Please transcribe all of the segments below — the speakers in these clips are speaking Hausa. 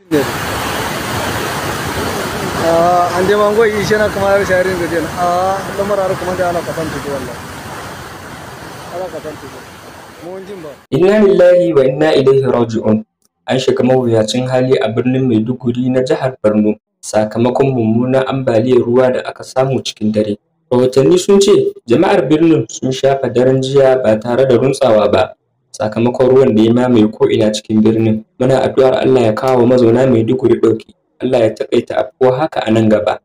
ಅಂದೇ ah, ah, Inna lillahi wa inna ilaihi raji'un an shiga mawuyacin hali a birnin Maiduguri na jihar Borno sakamakon mummunan ambaliyar ruwa da aka samu cikin dare. Rahotanni sun ce jama'ar birnin sun shafa daren jiya ba tare da runtsawa ba sakamakon ruwan da ya mamaye ko'ina cikin birnin. Muna addu'ar Allah ya kawo mazauna mai Maiduguri ɗauki, Allah ya taƙaita ko haka a nan gaba.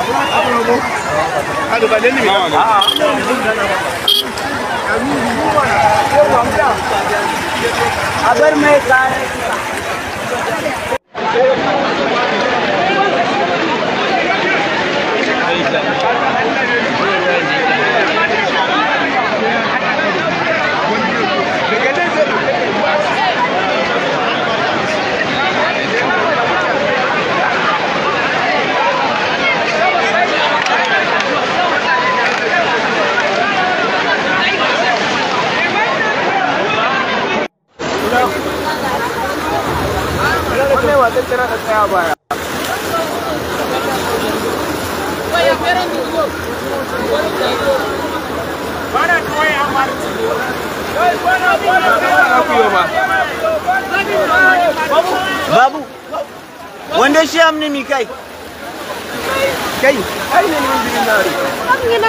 हाँ। अगर मैं कार्य sai kira da tsaya baya Para que vaya a marcha. Babu, mi kai? Kai, na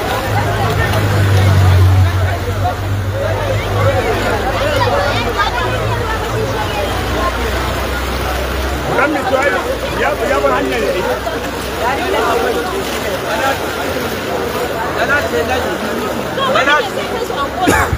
عمي سؤال يابا يابا عنا بنات بنات بنات